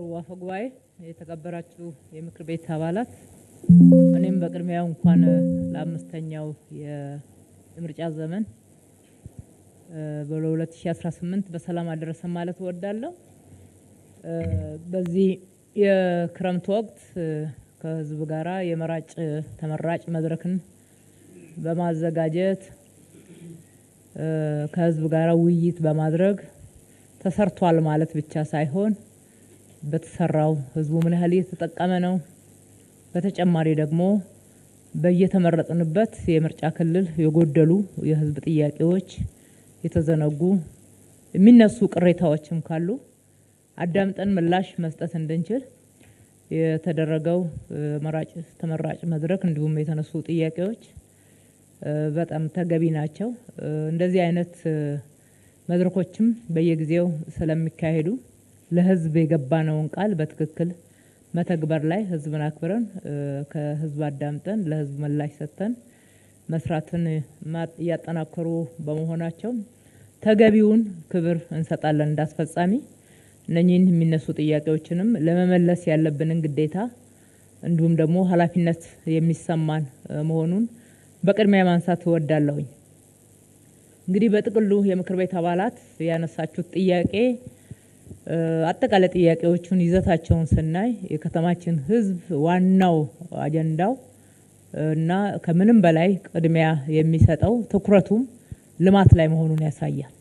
ሩ አፈ ጉባኤ፣ የተከበራችሁ የምክር ቤት አባላት፣ እኔም በቅድሚያው እንኳን ለአምስተኛው የምርጫ ዘመን በ2018 በሰላም አደረሰ ማለት እወዳለሁ። በዚህ የክረምት ወቅት ከህዝብ ጋራ የመራጭ ተመራጭ መድረክን በማዘጋጀት ከህዝብ ጋራ ውይይት በማድረግ ተሰርቷል ማለት ብቻ ሳይሆን በተሰራው ህዝቡ ምን ያህል እየተጠቀመ ነው? በተጨማሪ ደግሞ በየተመረጥንበት የምርጫ ክልል የጎደሉ የህዝብ ጥያቄዎች የተዘነጉ የሚነሱ ቅሬታዎችም ካሉ አዳምጠን ምላሽ መስጠት እንድንችል የተደረገው መራጭ ተመራጭ መድረክ እንዲሁም የተነሱ ጥያቄዎች በጣም ተገቢ ናቸው። እንደዚህ አይነት መድረኮችም በየጊዜው ስለሚካሄዱ ለህዝብ የገባነውን ቃል በትክክል መተግበር ላይ ህዝብን አክብረን ከህዝብ አዳምጠን ለህዝብ ምላሽ ሰጥተን መስራትን እያጠናከሩ በመሆናቸው ተገቢውን ክብር እንሰጣለን። እንደ አስፈጻሚ እነኚህን የሚነሱ ጥያቄዎችንም ለመመለስ ያለብንን ግዴታ እንዲሁም ደግሞ ሀላፊነት የሚሰማን መሆኑን በቅድሚያ ማንሳት እወዳለሁኝ። እንግዲህ በጥቅሉ የምክር ቤት አባላት ያነሳችሁት ጥያቄ አጠቃላይ ጥያቄዎቹን ይዘታቸውን ስናይ የከተማችን ህዝብ ዋናው አጀንዳው እና ከምንም በላይ ቅድሚያ የሚሰጠው ትኩረቱም ልማት ላይ መሆኑን ያሳያል።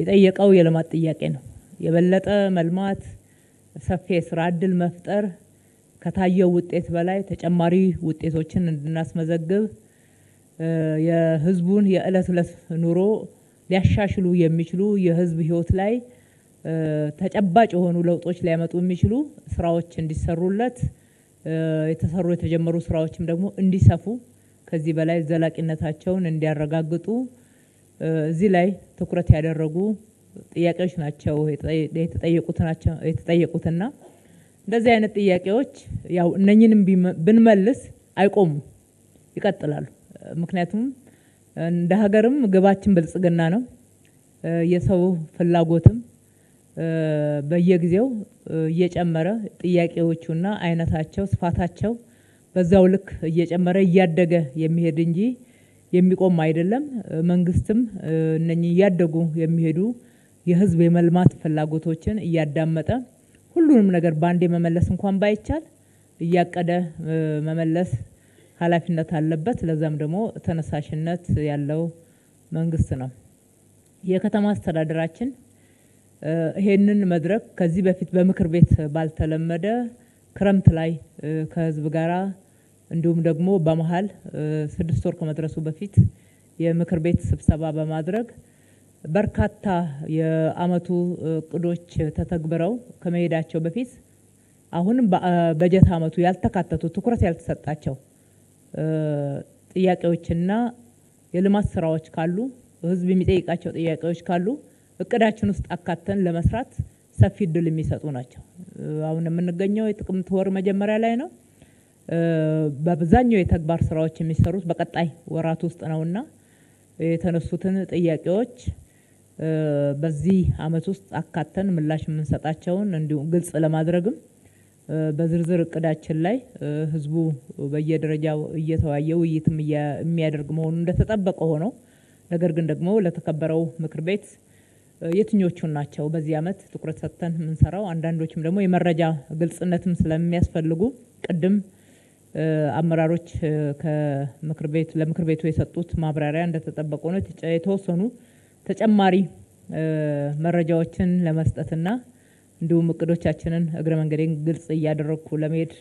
የጠየቀው የልማት ጥያቄ ነው። የበለጠ መልማት፣ ሰፊ የስራ እድል መፍጠር ከታየው ውጤት በላይ ተጨማሪ ውጤቶችን እንድናስመዘግብ የህዝቡን የዕለት ዕለት ኑሮ ሊያሻሽሉ የሚችሉ የህዝብ ህይወት ላይ ተጨባጭ የሆኑ ለውጦች ሊያመጡ የሚችሉ ስራዎች እንዲሰሩለት የተሰሩ የተጀመሩ ስራዎችም ደግሞ እንዲሰፉ ከዚህ በላይ ዘላቂነታቸውን እንዲያረጋግጡ እዚህ ላይ ትኩረት ያደረጉ ጥያቄዎች ናቸው የተጠየቁትና እንደዚህ አይነት ጥያቄዎች ያው እነኝንም ብንመልስ አይቆሙም፣ ይቀጥላሉ። ምክንያቱም እንደ ሀገርም ግባችን ብልጽግና ነው። የሰው ፍላጎትም በየጊዜው እየጨመረ ጥያቄዎቹና አይነታቸው ስፋታቸው በዛው ልክ እየጨመረ እያደገ የሚሄድ እንጂ የሚቆም አይደለም። መንግስትም እነኚህ እያደጉ የሚሄዱ የህዝብ የመልማት ፍላጎቶችን እያዳመጠ ሁሉንም ነገር በአንዴ መመለስ እንኳን ባይቻል እያቀደ መመለስ ሀላፊነት አለበት። ለዛም ደግሞ ተነሳሽነት ያለው መንግስት ነው። የከተማ አስተዳደራችን ይሄንን መድረክ ከዚህ በፊት በምክር ቤት ባልተለመደ ክረምት ላይ ከህዝብ ጋራ እንዲሁም ደግሞ በመሀል ስድስት ወር ከመድረሱ በፊት የምክር ቤት ስብሰባ በማድረግ በርካታ የአመቱ እቅዶች ተተግብረው ከመሄዳቸው በፊት አሁን በጀት አመቱ ያልተካተቱ ትኩረት ያልተሰጣቸው ጥያቄዎችና የልማት ስራዎች ካሉ ህዝብ የሚጠይቃቸው ጥያቄዎች ካሉ እቅዳችን ውስጥ አካተን ለመስራት ሰፊ እድል የሚሰጡ ናቸው። አሁን የምንገኘው የጥቅምት ወር መጀመሪያ ላይ ነው። በአብዛኛው የተግባር ስራዎች የሚሰሩት በቀጣይ ወራት ውስጥ ነውና የተነሱትን ጥያቄዎች በዚህ አመት ውስጥ አካተን ምላሽ የምንሰጣቸውን እንዲሁም ግልጽ ለማድረግም በዝርዝር እቅዳችን ላይ ህዝቡ በየደረጃው እየተወያየ ውይይትም የሚያደርግ መሆኑ እንደተጠበቀ ሆኖ ነገር ግን ደግሞ ለተከበረው ምክር ቤት የትኞቹ ናቸው በዚህ ዓመት ትኩረት ሰጥተን የምንሰራው? አንዳንዶችም ደግሞ የመረጃ ግልጽነትም ስለሚያስፈልጉ ቅድም አመራሮች ከምክር ቤት ለምክር ቤቱ የሰጡት ማብራሪያ እንደተጠበቁ ነው። የተወሰኑ ተጨማሪ መረጃዎችን ለመስጠትና እንዲሁም እቅዶቻችንን እግረ መንገዴን ግልጽ እያደረግኩ ለመሄድ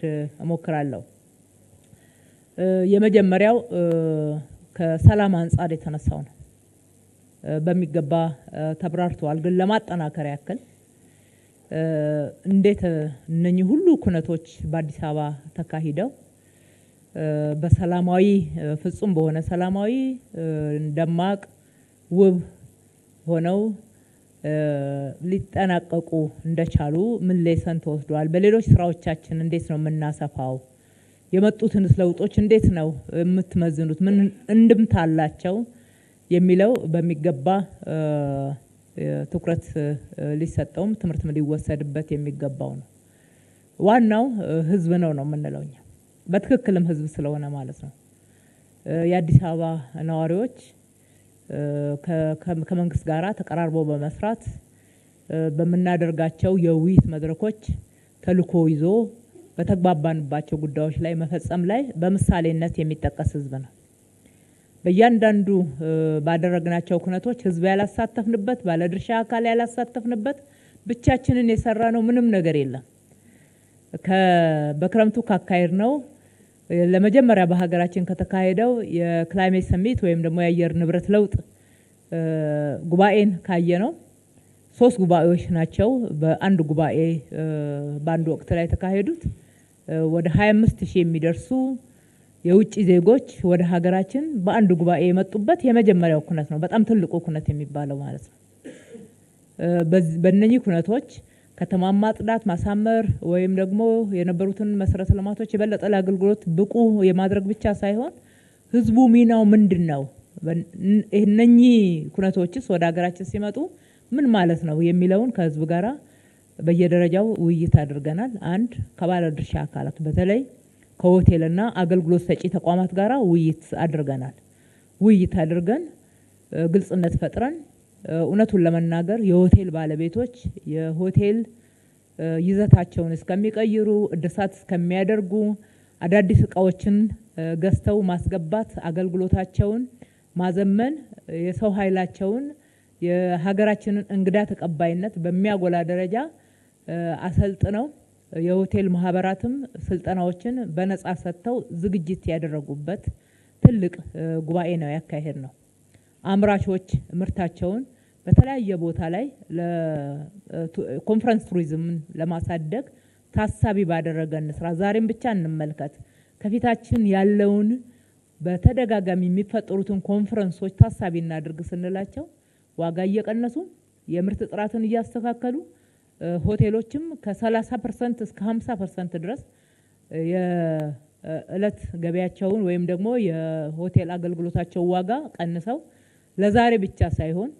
እሞክራለሁ። የመጀመሪያው ከሰላም አንጻር የተነሳው ነው። በሚገባ ተብራርተዋል። ግን ለማጠናከር ያክል እንዴት እነኚህ ሁሉ ኩነቶች በአዲስ አበባ ተካሂደው በሰላማዊ ፍጹም በሆነ ሰላማዊ ደማቅ ውብ ሆነው ሊጠናቀቁ እንደቻሉ ምን ሌሰን ተወስዷል? በሌሎች ስራዎቻችን እንዴት ነው የምናሰፋው? የመጡትንስ ለውጦች እንዴት ነው የምትመዝኑት? ምን እንድምታ አላቸው? የሚለው በሚገባ ትኩረት ሊሰጠውም ትምህርትም ሊወሰድበት የሚገባው ነው። ዋናው ህዝብ ነው ነው የምንለው እኛ በትክክልም ህዝብ ስለሆነ ማለት ነው። የአዲስ አበባ ነዋሪዎች ከመንግስት ጋር ተቀራርቦ በመስራት በምናደርጋቸው የውይይት መድረኮች ተልእኮ ይዞ በተግባባንባቸው ጉዳዮች ላይ መፈጸም ላይ በምሳሌነት የሚጠቀስ ህዝብ ነው በእያንዳንዱ ባደረግናቸው ኩነቶች ህዝብ ያላሳተፍንበት ባለድርሻ አካል ያላሳተፍንበት ብቻችንን የሰራ ነው ምንም ነገር የለም። በክረምቱ ካካሄድ ነው ለመጀመሪያ በሀገራችን ከተካሄደው የክላይሜት ሰሚት ወይም ደግሞ የአየር ንብረት ለውጥ ጉባኤን ካየ ነው ሶስት ጉባኤዎች ናቸው በአንድ ጉባኤ በአንድ ወቅት ላይ የተካሄዱት ወደ 25 ሺህ የሚደርሱ የውጭ ዜጎች ወደ ሀገራችን በአንድ ጉባኤ የመጡበት የመጀመሪያው ኩነት ነው። በጣም ትልቁ ኩነት የሚባለው ማለት ነው። በእነኚህ ኩነቶች ከተማ ማጽዳት፣ ማሳመር ወይም ደግሞ የነበሩትን መሰረተ ልማቶች የበለጠ ለአገልግሎት ብቁ የማድረግ ብቻ ሳይሆን ህዝቡ ሚናው ምንድን ነው፣ እነኚህ ኩነቶችስ ወደ ሀገራችን ሲመጡ ምን ማለት ነው የሚለውን ከህዝብ ጋራ በየደረጃው ውይይት አድርገናል። አንድ ከባለ ድርሻ አካላት በተለይ ከሆቴልና አገልግሎት ሰጪ ተቋማት ጋራ ውይይት አድርገናል። ውይይት አድርገን ግልጽነት ፈጥረን እውነቱን ለመናገር የሆቴል ባለቤቶች የሆቴል ይዘታቸውን እስከሚቀይሩ እድሳት እስከሚያደርጉ አዳዲስ እቃዎችን ገዝተው ማስገባት አገልግሎታቸውን ማዘመን የሰው ኃይላቸውን የሀገራችንን እንግዳ ተቀባይነት በሚያጎላ ደረጃ አሰልጥነው የሆቴል ማህበራትም ስልጠናዎችን በነፃ ሰጥተው ዝግጅት ያደረጉበት ትልቅ ጉባኤ ነው ነው። አምራቾች ምርታቸውን በተለያየ ቦታ ላይ ለኮንፈረንስ ቱሪዝምን ለማሳደግ ታሳቢ ባደረገን ስራ ዛሬም ብቻ እንመልከት። ከፊታችን ያለውን በተደጋጋሚ የሚፈጠሩትን ኮንፈረንሶች ታሳቢ እናድርግ ስንላቸው ዋጋ እየቀነሱ የምርት ጥራትን እያስተካከሉ ሆቴሎችም ከ30 ፐርሰንት እስከ 50 ፐርሰንት ድረስ የእለት ገበያቸውን ወይም ደግሞ የሆቴል አገልግሎታቸው ዋጋ ቀንሰው ለዛሬ ብቻ ሳይሆን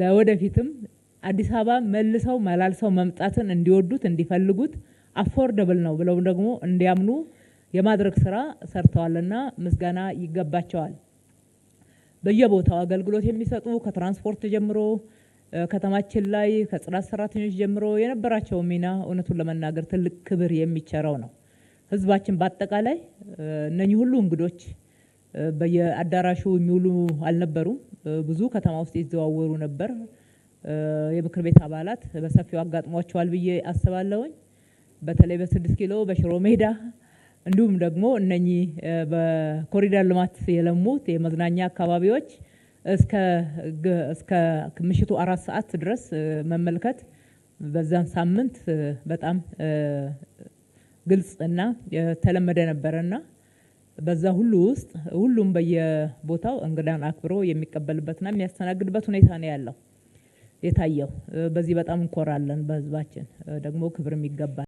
ለወደፊትም አዲስ አበባ መልሰው መላልሰው መምጣትን እንዲወዱት እንዲፈልጉት አፎርደብል ነው ብለው ደግሞ እንዲያምኑ የማድረግ ስራ ሰርተዋልና ምስጋና ይገባቸዋል። በየቦታው አገልግሎት የሚሰጡ ከትራንስፖርት ጀምሮ ከተማችን ላይ ከጽዳት ሰራተኞች ጀምሮ የነበራቸው ሚና እውነቱን ለመናገር ትልቅ ክብር የሚቸረው ነው። ህዝባችን በአጠቃላይ እነኚህ ሁሉ እንግዶች በየአዳራሹ የሚውሉ አልነበሩም። ብዙ ከተማ ውስጥ ይዘዋወሩ ነበር። የምክር ቤት አባላት በሰፊው አጋጥሟቸዋል ብዬ አስባለሁኝ። በተለይ በስድስት ኪሎ በሽሮ ሜዳ እንዲሁም ደግሞ እነኚህ በኮሪደር ልማት የለሙት የመዝናኛ አካባቢዎች እስከ ምሽቱ አራት ሰዓት ድረስ መመልከት በዛን ሳምንት በጣም ግልጽ እና የተለመደ ነበረ እና በዛ ሁሉ ውስጥ ሁሉም በየቦታው እንግዳን አክብሮ የሚቀበልበትና የሚያስተናግድበት ሁኔታ ነው ያለው የታየው። በዚህ በጣም እንኮራለን በህዝባችን ደግሞ ክብር የሚገባል።